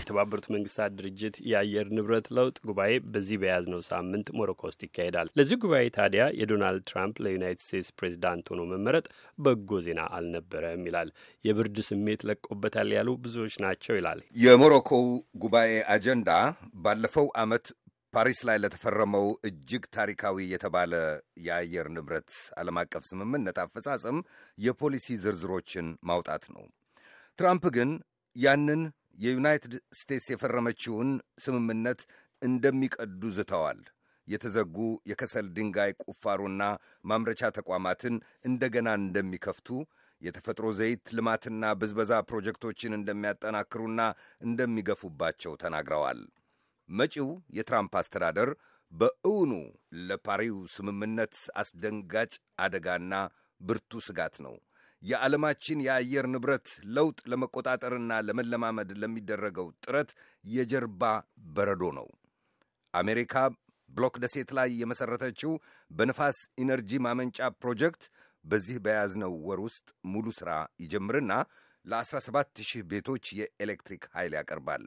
የተባበሩት መንግስታት ድርጅት የአየር ንብረት ለውጥ ጉባኤ በዚህ በያዝነው ሳምንት ሞሮኮ ውስጥ ይካሄዳል። ለዚህ ጉባኤ ታዲያ የዶናልድ ትራምፕ ለዩናይትድ ስቴትስ ፕሬዚዳንት ሆኖ መመረጥ በጎ ዜና አልነበረም ይላል። የብርድ ስሜት ለቆበታል ያሉ ብዙዎች ናቸው ይላል። የሞሮኮው ጉባኤ አጀንዳ ባለፈው ዓመት ፓሪስ ላይ ለተፈረመው እጅግ ታሪካዊ የተባለ የአየር ንብረት ዓለም አቀፍ ስምምነት አፈጻጸም የፖሊሲ ዝርዝሮችን ማውጣት ነው። ትራምፕ ግን ያንን የዩናይትድ ስቴትስ የፈረመችውን ስምምነት እንደሚቀዱ ዝተዋል። የተዘጉ የከሰል ድንጋይ ቁፋሮና ማምረቻ ተቋማትን እንደገና እንደሚከፍቱ የተፈጥሮ ዘይት ልማትና ብዝበዛ ፕሮጀክቶችን እንደሚያጠናክሩና እንደሚገፉባቸው ተናግረዋል። መጪው የትራምፕ አስተዳደር በእውኑ ለፓሪው ስምምነት አስደንጋጭ አደጋና ብርቱ ስጋት ነው። የዓለማችን የአየር ንብረት ለውጥ ለመቆጣጠርና ለመለማመድ ለሚደረገው ጥረት የጀርባ በረዶ ነው። አሜሪካ ብሎክ ደሴት ላይ የመሠረተችው በንፋስ ኢነርጂ ማመንጫ ፕሮጀክት በዚህ በያዝነው ወር ውስጥ ሙሉ ሥራ ይጀምርና ለ17 ቤቶች የኤሌክትሪክ ኃይል ያቀርባል።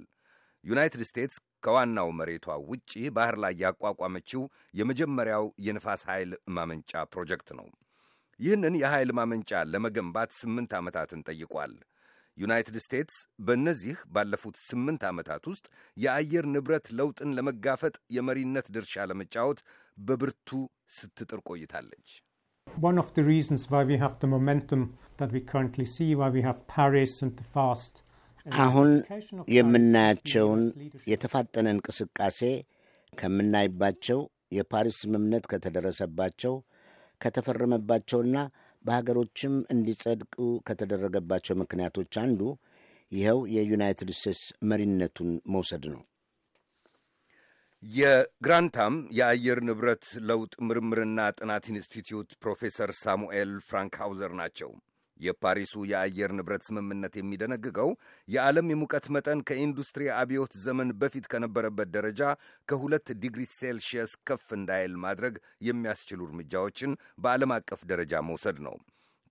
ዩናይትድ ስቴትስ ከዋናው መሬቷ ውጪ ባህር ላይ ያቋቋመችው የመጀመሪያው የንፋስ ኃይል ማመንጫ ፕሮጀክት ነው። ይህንን የኃይል ማመንጫ ለመገንባት ስምንት ዓመታትን ጠይቋል። ዩናይትድ ስቴትስ በእነዚህ ባለፉት ስምንት ዓመታት ውስጥ የአየር ንብረት ለውጥን ለመጋፈጥ የመሪነት ድርሻ ለመጫወት በብርቱ ስትጥር ቆይታለች። One of the reasons why we have the momentum that we currently see, why we have Paris and the fast አሁን የምናያቸውን የተፋጠነ እንቅስቃሴ ከምናይባቸው የፓሪስ ስምምነት ከተደረሰባቸው ከተፈረመባቸውና በሀገሮችም እንዲጸድቁ ከተደረገባቸው ምክንያቶች አንዱ ይኸው የዩናይትድ ስቴትስ መሪነቱን መውሰድ ነው። የግራንታም የአየር ንብረት ለውጥ ምርምርና ጥናት ኢንስቲትዩት ፕሮፌሰር ሳሙኤል ፍራንክሃውዘር ናቸው። የፓሪሱ የአየር ንብረት ስምምነት የሚደነግገው የዓለም የሙቀት መጠን ከኢንዱስትሪ አብዮት ዘመን በፊት ከነበረበት ደረጃ ከሁለት ዲግሪ ሴልሺየስ ከፍ እንዳይል ማድረግ የሚያስችሉ እርምጃዎችን በዓለም አቀፍ ደረጃ መውሰድ ነው።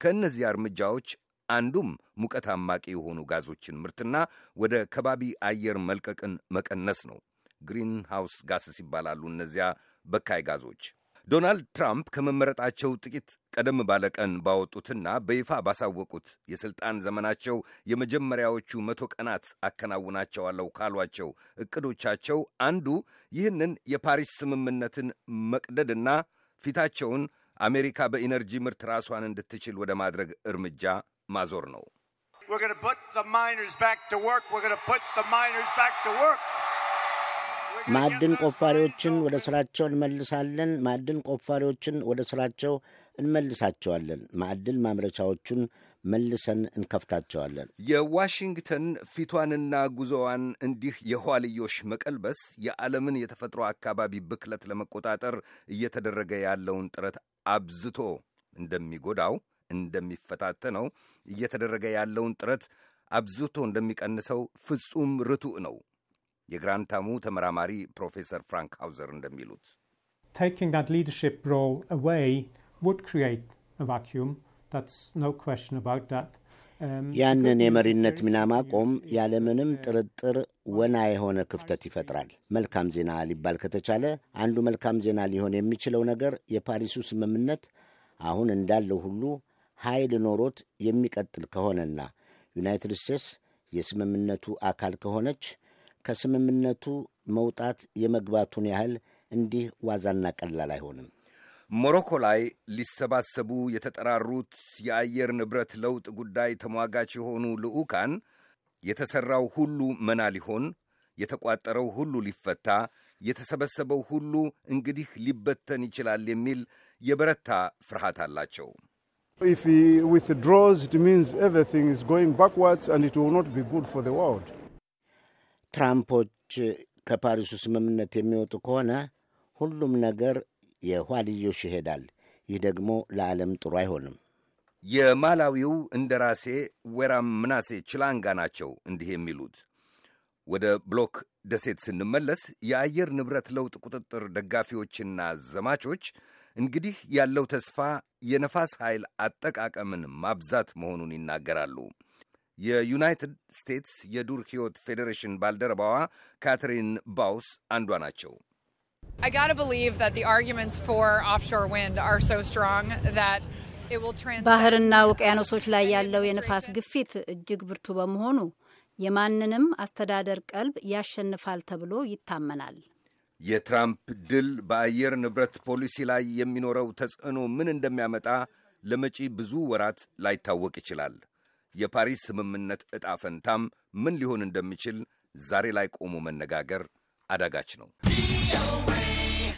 ከእነዚያ እርምጃዎች አንዱም ሙቀት አማቂ የሆኑ ጋዞችን ምርትና ወደ ከባቢ አየር መልቀቅን መቀነስ ነው። ሃውስ ጋስስ ይባላሉ እነዚያ በካይ ጋዞች። ዶናልድ ትራምፕ ከመመረጣቸው ጥቂት ቀደም ባለ ቀን ባወጡትና በይፋ ባሳወቁት የሥልጣን ዘመናቸው የመጀመሪያዎቹ መቶ ቀናት አከናውናቸዋለሁ ካሏቸው ዕቅዶቻቸው አንዱ ይህንን የፓሪስ ስምምነትን መቅደድና ፊታቸውን አሜሪካ በኢነርጂ ምርት ራሷን እንድትችል ወደ ማድረግ እርምጃ ማዞር ነው። ማዕድን ቆፋሪዎችን ወደ ስራቸው እንመልሳለን። ማዕድን ቆፋሪዎችን ወደ ስራቸው እንመልሳቸዋለን። ማዕድን ማምረቻዎቹን መልሰን እንከፍታቸዋለን። የዋሽንግተን ፊቷንና ጉዞዋን እንዲህ የኋልዮሽ መቀልበስ የዓለምን የተፈጥሮ አካባቢ ብክለት ለመቆጣጠር እየተደረገ ያለውን ጥረት አብዝቶ እንደሚጎዳው እንደሚፈታተነው፣ እየተደረገ ያለውን ጥረት አብዝቶ እንደሚቀንሰው ፍጹም ርቱዕ ነው። የግራንታሙ ተመራማሪ ፕሮፌሰር ፍራንክ ሃውዘር እንደሚሉት um, ያንን የመሪነት ሚና ማቆም ያለምንም ጥርጥር ወና የሆነ ክፍተት ይፈጥራል። መልካም ዜና ሊባል ከተቻለ አንዱ መልካም ዜና ሊሆን የሚችለው ነገር የፓሪሱ ስምምነት አሁን እንዳለው ሁሉ ኃይል ኖሮት የሚቀጥል ከሆነና ዩናይትድ ስቴትስ የስምምነቱ አካል ከሆነች ከስምምነቱ መውጣት የመግባቱን ያህል እንዲህ ዋዛና ቀላል አይሆንም። ሞሮኮ ላይ ሊሰባሰቡ የተጠራሩት የአየር ንብረት ለውጥ ጉዳይ ተሟጋች የሆኑ ልዑካን የተሠራው ሁሉ መና ሊሆን፣ የተቋጠረው ሁሉ ሊፈታ፣ የተሰበሰበው ሁሉ እንግዲህ ሊበተን ይችላል የሚል የበረታ ፍርሃት አላቸው። If ዊትድሮዝ withdraws, it means everything is going backwards and it will not be good ትራምፖች ከፓሪሱ ስምምነት የሚወጡ ከሆነ ሁሉም ነገር የኋልዮሽ ይሄዳል። ይህ ደግሞ ለዓለም ጥሩ አይሆንም። የማላዊው እንደራሴ ወራም ምናሴ ችላንጋ ናቸው እንዲህ የሚሉት። ወደ ብሎክ ደሴት ስንመለስ የአየር ንብረት ለውጥ ቁጥጥር ደጋፊዎችና ዘማቾች እንግዲህ ያለው ተስፋ የነፋስ ኃይል አጠቃቀምን ማብዛት መሆኑን ይናገራሉ። የዩናይትድ ስቴትስ የዱር ሕይወት ፌዴሬሽን ባልደረባዋ ካትሪን ባውስ አንዷ ናቸው። ባህርና ውቅያኖሶች ላይ ያለው የንፋስ ግፊት እጅግ ብርቱ በመሆኑ የማንንም አስተዳደር ቀልብ ያሸንፋል ተብሎ ይታመናል። የትራምፕ ድል በአየር ንብረት ፖሊሲ ላይ የሚኖረው ተጽዕኖ ምን እንደሚያመጣ ለመጪ ብዙ ወራት ላይታወቅ ይችላል። የፓሪስ ስምምነት ዕጣ ፈንታም ምን ሊሆን እንደሚችል ዛሬ ላይ ቆሞ መነጋገር አዳጋች ነው።